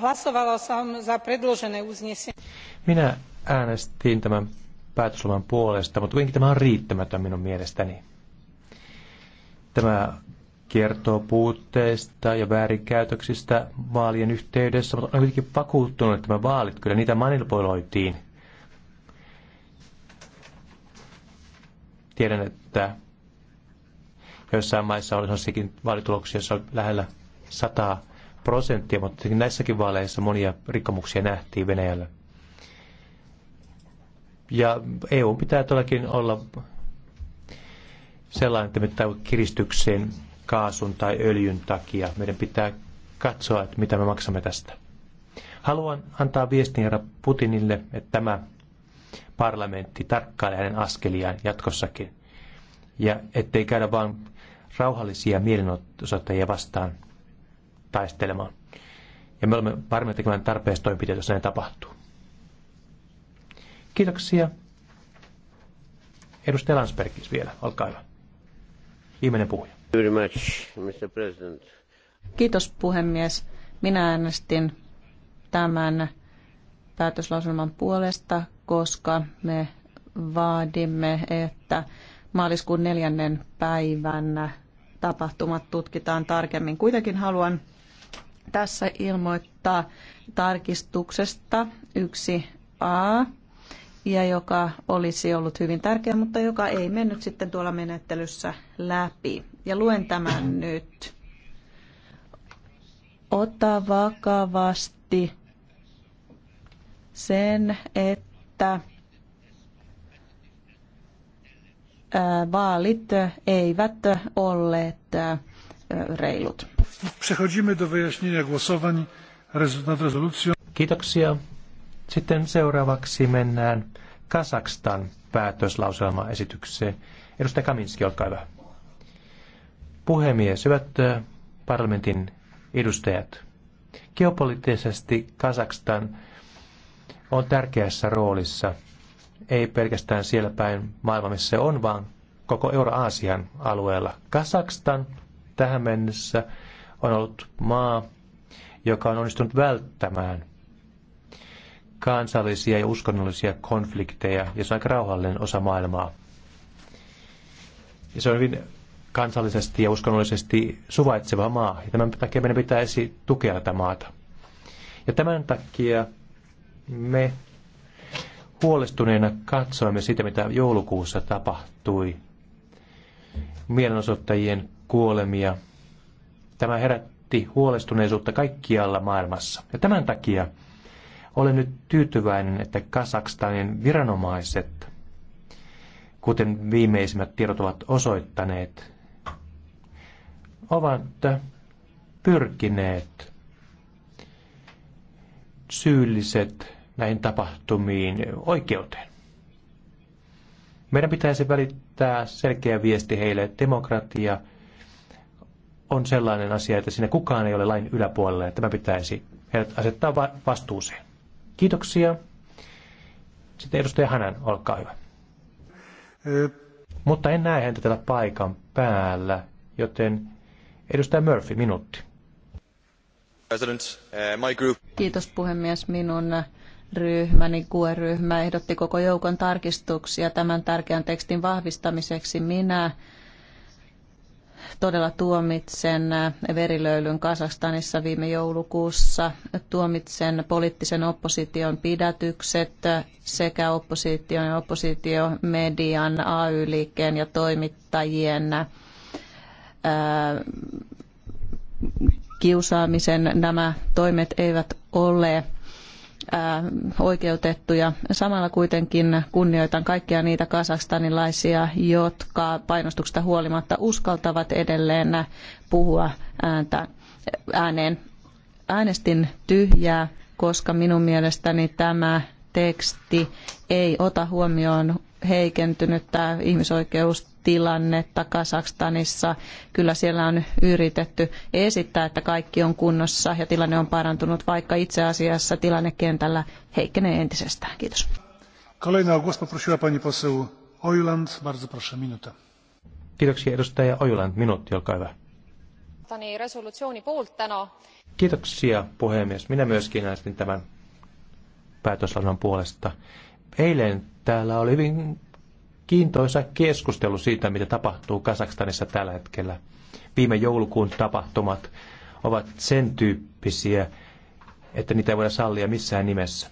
Hlasovala za uznesenie. Minä äänestin tämän päätösloman puolesta, mutta kuitenkin tämä on riittämätön minun mielestäni. Tämä kertoo puutteista ja väärinkäytöksistä vaalien yhteydessä, mutta olen kuitenkin vakuuttunut, että nämä vaalit, kyllä niitä manipuloitiin. Tiedän, että joissain maissa oli sellaisiakin vaalituloksia, joissa oli lähellä 100 prosenttia, mutta näissäkin vaaleissa monia rikkomuksia nähtiin Venäjällä. Ja EU pitää todellakin olla sellainen, että me kiristykseen kaasun tai öljyn takia. Meidän pitää katsoa, että mitä me maksamme tästä. Haluan antaa viestin herra Putinille, että tämä parlamentti tarkkailee hänen askeliaan jatkossakin. Ja ettei käydä vain rauhallisia mielenosoittajia vastaan, taistelemaan. Ja me olemme varmiin tekemään tarpeesta toimenpiteitä, jos näin tapahtuu. Kiitoksia. Edustaja Landsbergis vielä, olkaa hyvä. Viimeinen puhuja. Very much, Mr. President. Kiitos puhemies. Minä äänestin tämän päätöslauselman puolesta, koska me vaadimme, että maaliskuun neljännen päivän tapahtumat tutkitaan tarkemmin. Kuitenkin haluan tässä ilmoittaa tarkistuksesta 1a, ja joka olisi ollut hyvin tärkeä, mutta joka ei mennyt sitten tuolla menettelyssä läpi. Ja luen tämän nyt. Ota vakavasti sen, että vaalit eivät olleet reilut. Kiitoksia. Sitten seuraavaksi mennään Kasakstan päätöslauselmaesitykseen. Edustaja Kaminski, olkaa hyvä. Puhemies, hyvät parlamentin edustajat. Geopoliittisesti Kasakstan on tärkeässä roolissa, ei pelkästään siellä päin maailma, missä se on, vaan koko Euro-Aasian alueella. Kasakstan tähän mennessä on ollut maa, joka on onnistunut välttämään kansallisia ja uskonnollisia konflikteja, ja se on aika rauhallinen osa maailmaa. Ja se on hyvin kansallisesti ja uskonnollisesti suvaitseva maa, ja tämän takia meidän pitäisi tukea tätä maata. Ja tämän takia me huolestuneena katsoimme sitä, mitä joulukuussa tapahtui mielenosoittajien kuolemia. Tämä herätti huolestuneisuutta kaikkialla maailmassa. Ja tämän takia olen nyt tyytyväinen, että Kasakstanin viranomaiset, kuten viimeisimmät tiedot ovat osoittaneet, ovat pyrkineet syylliset näihin tapahtumiin oikeuteen. Meidän pitäisi välittää selkeä viesti heille, että demokratia on sellainen asia, että sinne kukaan ei ole lain yläpuolella että tämä pitäisi asettaa vastuuseen. Kiitoksia. Sitten edustaja Hänen, olkaa hyvä. Eh. Mutta en näe häntä tällä paikan päällä, joten edustaja Murphy, minuutti. Eh, Kiitos puhemies. Minun ryhmäni, QE-ryhmä, ehdotti koko joukon tarkistuksia tämän tärkeän tekstin vahvistamiseksi. Minä todella tuomitsen verilöylyn Kasakstanissa viime joulukuussa, tuomitsen poliittisen opposition pidätykset sekä opposition ja oppositiomedian, AY-liikkeen ja toimittajien ää, kiusaamisen. Nämä toimet eivät ole oikeutettuja. Samalla kuitenkin kunnioitan kaikkia niitä kasakstanilaisia, jotka painostuksesta huolimatta uskaltavat edelleen puhua ääntä, ääneen. Äänestin tyhjää, koska minun mielestäni tämä teksti ei ota huomioon heikentynyttä ihmisoikeus tilannetta Kasakstanissa. Kyllä siellä on yritetty esittää, että kaikki on kunnossa ja tilanne on parantunut, vaikka itse asiassa tilanne kentällä heikkenee entisestään. Kiitos. Kolejna o głos poprosiła pani poseł Ojuland. Bardzo proszę, minuta. Kiitoksia edustaja Ojuland. Minuutti, olkaa hyvä. Resolutsiooni poolt Kiitoksia puhemies. Minä myöskin äänestin tämän päätöslauselman puolesta. Eilen täällä oli hyvin kiintoisa keskustelu siitä, mitä tapahtuu Kasakstanissa tällä hetkellä. Viime joulukuun tapahtumat ovat sen tyyppisiä, että niitä ei voida sallia missään nimessä.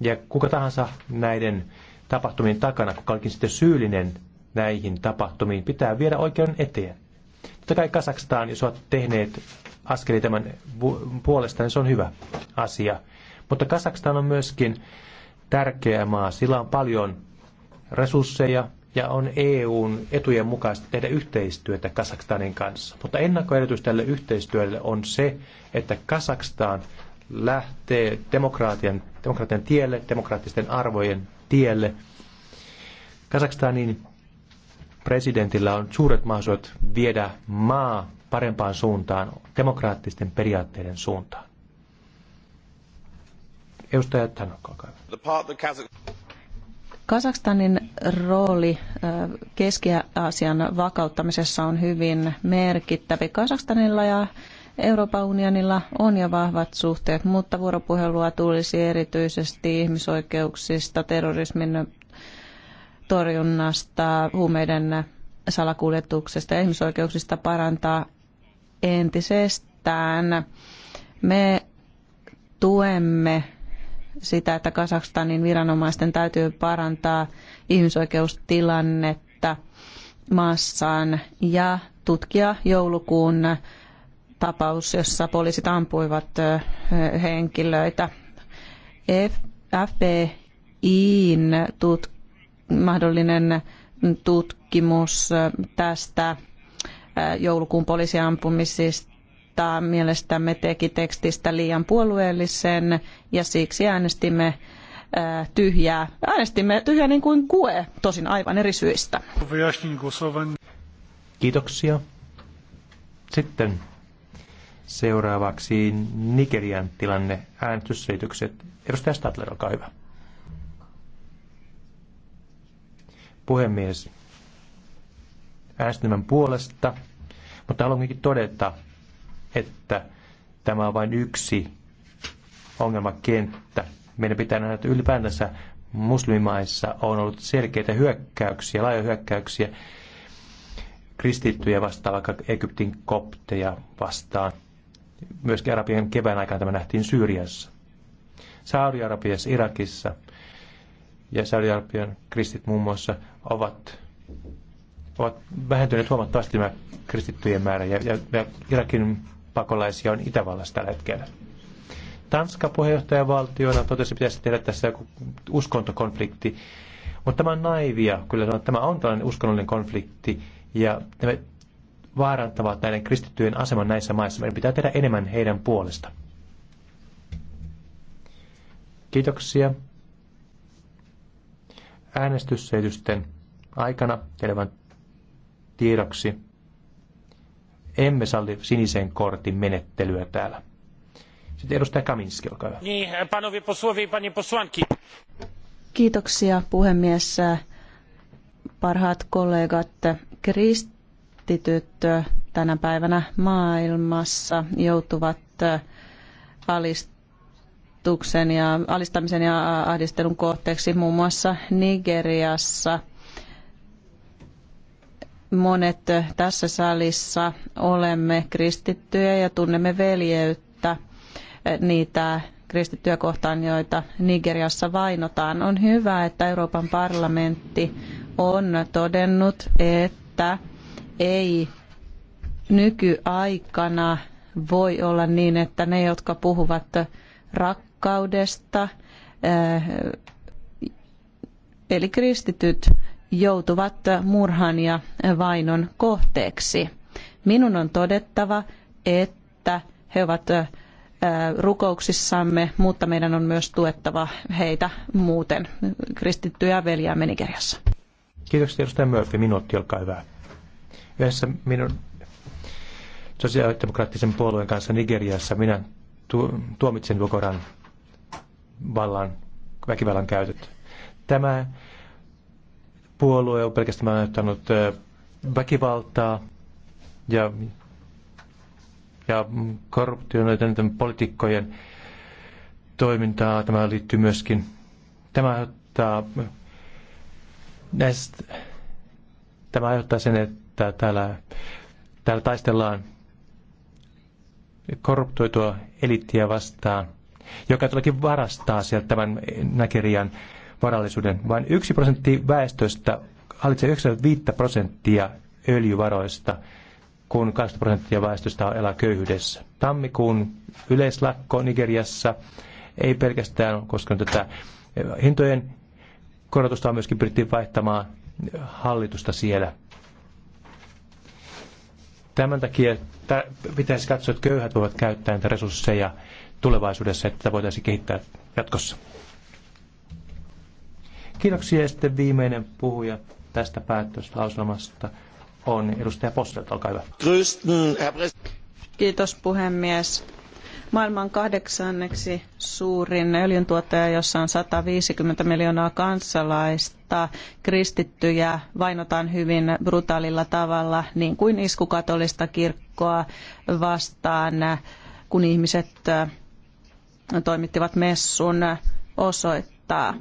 Ja kuka tahansa näiden tapahtumien takana, kuka olikin sitten syyllinen näihin tapahtumiin, pitää viedä oikeuden eteen. Totta kai Kasakstaan, jos olet tehneet askeli tämän puolesta, niin se on hyvä asia. Mutta Kasakstan on myöskin tärkeä maa. Sillä on paljon resursseja ja on EUn etujen mukaista tehdä yhteistyötä Kasakstanin kanssa. Mutta ennakkoedellytys tälle yhteistyölle on se, että Kasakstan lähtee demokratian, demokratian tielle, demokraattisten arvojen tielle. Kasakstanin presidentillä on suuret mahdollisuudet viedä maa parempaan suuntaan, demokraattisten periaatteiden suuntaan. Edustaja Tanok, olkaa hyvä. Kasakstanin rooli Keski-Aasian vakauttamisessa on hyvin merkittävä. Kasakstanilla ja Euroopan unionilla on jo vahvat suhteet, mutta vuoropuhelua tulisi erityisesti ihmisoikeuksista, terrorismin torjunnasta, huumeiden salakuljetuksesta ja ihmisoikeuksista parantaa entisestään. Me tuemme sitä, että Kasakstanin viranomaisten täytyy parantaa ihmisoikeustilannetta maassaan ja tutkia joulukuun tapaus, jossa poliisit ampuivat henkilöitä. FBIin tut, mahdollinen tutkimus tästä joulukuun poliisiampumisista mutta mielestämme teki tekstistä liian puolueellisen ja siksi äänestimme äh, tyhjää. Äänestimme tyhjää niin kuin kue, tosin aivan eri syistä. Kiitoksia. Sitten seuraavaksi Nigerian tilanne, äänestysselitykset. Edustaja Stadler, olkaa hyvä. Puhemies, äänestin puolesta, mutta haluankin todeta, että tämä on vain yksi ongelmakenttä. Meidän pitää nähdä, että ylipäätänsä muslimimaissa on ollut selkeitä hyökkäyksiä, laajoja hyökkäyksiä kristittyjä vastaan, vaikka Egyptin kopteja vastaan. Myöskin Arabian kevään aikana tämä nähtiin Syyriassa. Saudi-Arabiassa, Irakissa ja Saudi-Arabian kristit muun muassa ovat, ovat vähentyneet huomattavasti tämä kristittyjen määrä. Ja, ja, ja Irakin pakolaisia on Itävallassa tällä hetkellä. Tanska puheenjohtajavaltiona totesi, että pitäisi tehdä tässä joku uskontokonflikti. Mutta tämä on naivia, kyllä tämä on tällainen uskonnollinen konflikti ja ne vaarantavat näiden kristittyjen aseman näissä maissa. Meidän pitää tehdä enemmän heidän puolesta. Kiitoksia. Äänestysselitysten aikana teille tiedoksi, emme salli sinisen kortin menettelyä täällä. Sitten edustaja Kaminski, olkaa hyvä. Niin, panovi posuovi, pani posuanki. Kiitoksia puhemies. Parhaat kollegat, kristityt tänä päivänä maailmassa joutuvat alistuksen ja, alistamisen ja ahdistelun kohteeksi muun muassa Nigeriassa – monet tässä salissa olemme kristittyjä ja tunnemme veljeyttä eh, niitä kristittyjä kohtaan, joita Nigeriassa vainotaan. On hyvä, että Euroopan parlamentti on todennut, että ei nykyaikana voi olla niin, että ne, jotka puhuvat rakkaudesta, eh, eli kristityt, joutuvat murhan ja vainon kohteeksi. Minun on todettava, että he ovat rukouksissamme, mutta meidän on myös tuettava heitä muuten, kristittyjä veljäämme Nigeriassa. Kiitoksia edustaja Murphy. Minuutti, olkaa hyvä. Yhdessä minun sosiaalidemokraattisen puolueen kanssa Nigeriassa minä tu- tuomitsen Bokoran vallan, väkivallan käytöt. Tämä puolue on pelkästään näyttänyt väkivaltaa ja, ja korruptioiden poliitikkojen toimintaa. Tämä liittyy myöskin. Tämä aiheuttaa, näistä, tämä aiheuttaa sen, että täällä, täällä taistellaan korruptoitua elittiä vastaan, joka todellakin varastaa sieltä tämän näkerian varallisuuden. Vain yksi prosentti väestöstä hallitsee 95 prosenttia öljyvaroista, kun 20 prosenttia väestöstä elää köyhyydessä. Tammikuun yleislakko Nigeriassa ei pelkästään koskenut tätä hintojen korotusta, vaan myöskin pyrittiin vaihtamaan hallitusta siellä. Tämän takia pitäisi katsoa, että köyhät voivat käyttää näitä resursseja tulevaisuudessa, että voitaisiin kehittää jatkossa. Kiitoksia ja sitten viimeinen puhuja tästä päätöslauselmasta on edustaja Posselt, olkaa hyvä. Kiitos puhemies. Maailman kahdeksanneksi suurin öljyntuottaja, jossa on 150 miljoonaa kansalaista, kristittyjä vainotaan hyvin brutaalilla tavalla, niin kuin iskukatolista kirkkoa vastaan, kun ihmiset toimittivat messun osoittaa.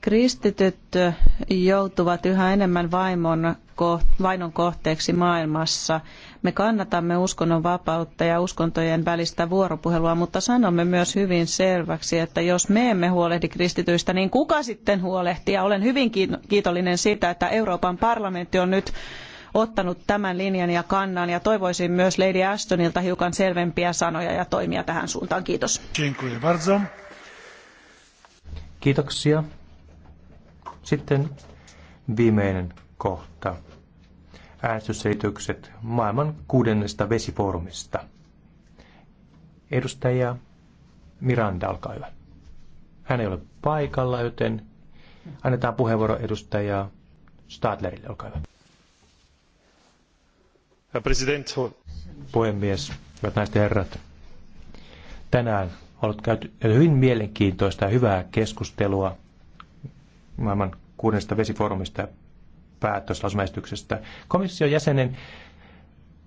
Kristityt joutuvat yhä enemmän vaimon, vainon kohteeksi maailmassa. Me kannatamme uskonnon vapautta ja uskontojen välistä vuoropuhelua, mutta sanomme myös hyvin selväksi, että jos me emme huolehdi kristityistä, niin kuka sitten huolehtii? Ja olen hyvin kiitollinen siitä, että Euroopan parlamentti on nyt ottanut tämän linjan ja kannan ja toivoisin myös Lady Ashtonilta hiukan selvempiä sanoja ja toimia tähän suuntaan. Kiitos. Kiitoksia. Sitten viimeinen kohta. Äänestysselitykset maailman kuudennesta vesifoorumista. Edustaja Miranda, alkaa hyvä. Hän ei ole paikalla, joten annetaan puheenvuoro edustaja Stadlerille, olkaa hyvä. President. Puhemies, hyvät naiset ja herrat. Tänään on ollut käyty hyvin mielenkiintoista ja hyvää keskustelua maailman kuudesta vesifoorumista ja päätöslausumäistyksestä. Komission jäsenen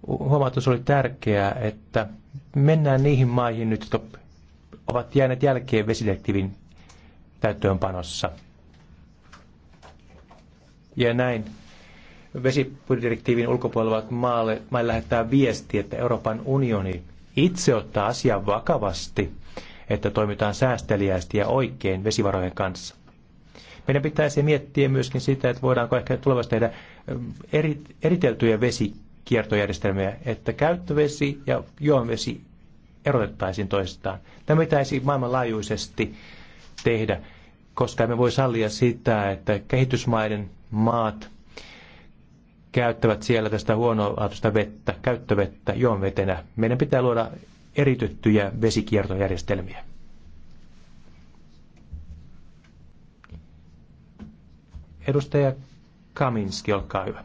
huomautus oli tärkeää, että mennään niihin maihin nyt, jotka ovat jääneet jälkeen vesidirektiivin täyttöönpanossa. Ja näin vesidirektiivin ulkopuolella maalle, maille lähettää viesti, että Euroopan unioni itse ottaa asian vakavasti, että toimitaan säästeliästi ja oikein vesivarojen kanssa. Meidän pitäisi miettiä myöskin sitä, että voidaanko ehkä tulevaisuudessa tehdä eri, eriteltyjä vesikiertojärjestelmiä, että käyttövesi ja juomavesi erotettaisiin toisistaan. Tämä pitäisi maailmanlaajuisesti tehdä, koska me voi sallia sitä, että kehitysmaiden maat käyttävät siellä tästä huonoa vettä, käyttövettä, juomavetenä. Meidän pitää luoda erityttyjä vesikiertojärjestelmiä. Edustaja Kaminski, olkaa hyvä.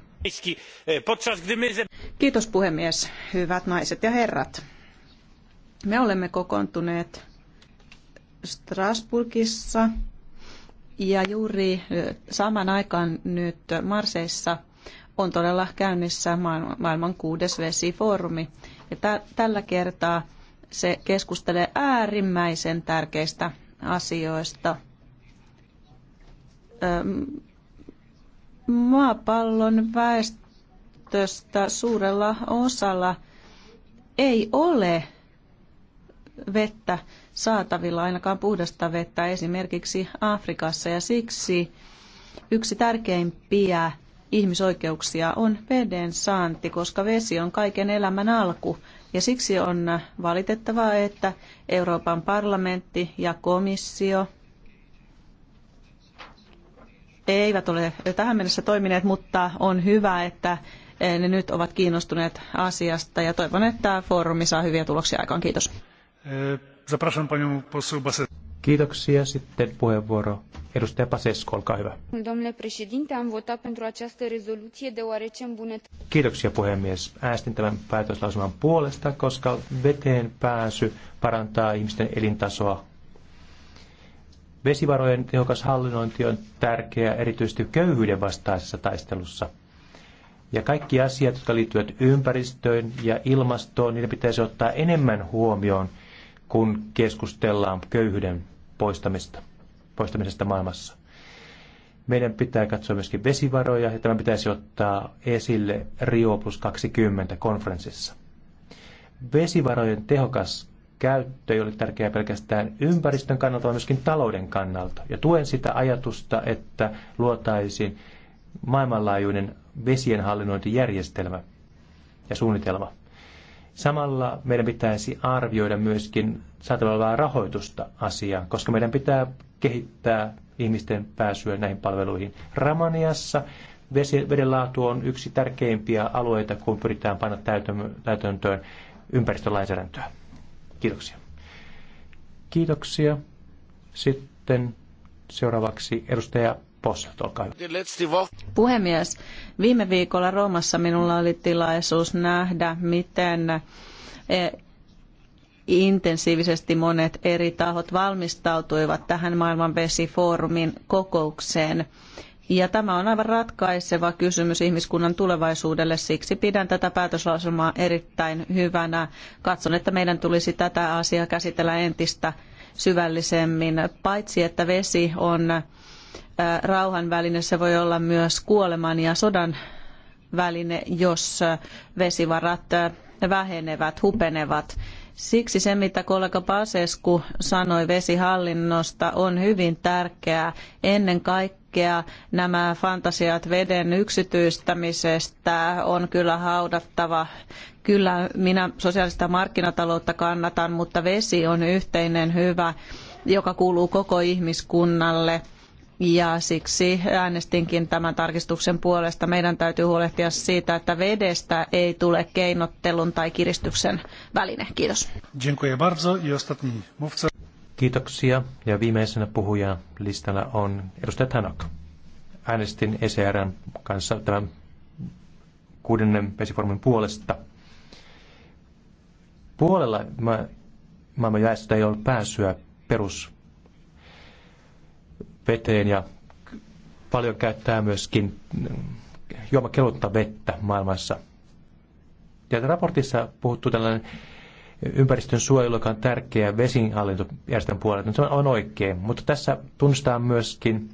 Kiitos puhemies, hyvät naiset ja herrat. Me olemme kokoontuneet Strasbourgissa ja juuri saman aikaan nyt Marseissa on todella käynnissä maailman kuudes vesifoorumi. Ja tällä kertaa se keskustelee äärimmäisen tärkeistä asioista maapallon väestöstä suurella osalla ei ole vettä saatavilla, ainakaan puhdasta vettä esimerkiksi Afrikassa ja siksi yksi tärkeimpiä ihmisoikeuksia on veden saanti, koska vesi on kaiken elämän alku. Ja siksi on valitettavaa, että Euroopan parlamentti ja komissio eivät ole tähän mennessä toimineet, mutta on hyvä, että ne nyt ovat kiinnostuneet asiasta ja toivon, että foorumi saa hyviä tuloksia aikaan. Kiitos. Eh, Kiitoksia. Sitten puheenvuoro. Edustaja Pasesko, olkaa hyvä. Kiitoksia puhemies. Äästin tämän päätöslausuman puolesta, koska veteen pääsy parantaa ihmisten elintasoa Vesivarojen tehokas hallinnointi on tärkeää erityisesti köyhyyden vastaisessa taistelussa. Ja kaikki asiat, jotka liittyvät ympäristöön ja ilmastoon, niitä pitäisi ottaa enemmän huomioon, kun keskustellaan köyhyyden poistamista, poistamisesta maailmassa. Meidän pitää katsoa myöskin vesivaroja ja tämä pitäisi ottaa esille Rio plus 20 konferenssissa. Vesivarojen tehokas käyttö ei ole tärkeää pelkästään ympäristön kannalta, vaan myöskin talouden kannalta. Ja tuen sitä ajatusta, että luotaisiin maailmanlaajuinen vesien hallinnointijärjestelmä ja suunnitelma. Samalla meidän pitäisi arvioida myöskin saatavalla rahoitusta asiaa, koska meidän pitää kehittää ihmisten pääsyä näihin palveluihin. Ramaniassa vedenlaatu on yksi tärkeimpiä alueita, kun pyritään panna täytäntöön ympäristölainsäädäntöä. Kiitoksia. Kiitoksia. Sitten seuraavaksi edustaja Posselt, olkaa hyvä. Puhemies, viime viikolla Roomassa minulla oli tilaisuus nähdä, miten e, intensiivisesti monet eri tahot valmistautuivat tähän maailman vesifoorumin kokoukseen. Ja tämä on aivan ratkaiseva kysymys ihmiskunnan tulevaisuudelle. Siksi pidän tätä päätöslauselmaa erittäin hyvänä. Katson, että meidän tulisi tätä asiaa käsitellä entistä syvällisemmin. Paitsi, että vesi on rauhan väline, se voi olla myös kuoleman ja sodan väline, jos vesivarat vähenevät, hupenevat. Siksi se, mitä kollega Pasesku sanoi vesihallinnosta, on hyvin tärkeää ennen kaikkea kaikkea nämä fantasiat veden yksityistämisestä on kyllä haudattava. Kyllä minä sosiaalista markkinataloutta kannatan, mutta vesi on yhteinen hyvä, joka kuuluu koko ihmiskunnalle. Ja siksi äänestinkin tämän tarkistuksen puolesta. Meidän täytyy huolehtia siitä, että vedestä ei tule keinottelun tai kiristyksen väline. Kiitos. Kiitoksia. Ja viimeisenä puhuja listalla on edustaja Tanok. Äänestin ECRn kanssa tämän kuudennen vesiformin puolesta. Puolella ma- maailman jäästä ei ole pääsyä perus veteen ja paljon käyttää myöskin juomakeluutta vettä maailmassa. Ja raportissa puhuttu tällainen ympäristön suojelu, joka on tärkeä vesinhallintojärjestön puolella, niin se on oikein. Mutta tässä tunnistetaan myöskin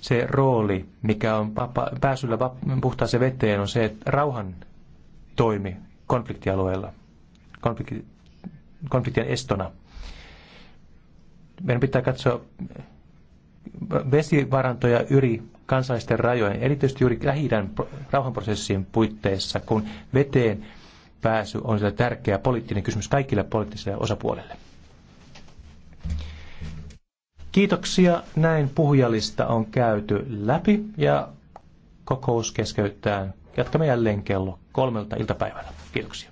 se rooli, mikä on pääsyllä puhtaaseen veteen, on se, että rauhan toimi konfliktialueella, konfliktien estona. Meidän pitää katsoa vesivarantoja yli kansallisten rajojen, erityisesti juuri lähi rauhanprosessin puitteissa, kun veteen pääsy on sillä tärkeä poliittinen kysymys kaikille poliittisille osapuolille. Kiitoksia. Näin puhujalista on käyty läpi ja kokous keskeyttää. Jatkamme jälleen kello kolmelta iltapäivällä. Kiitoksia.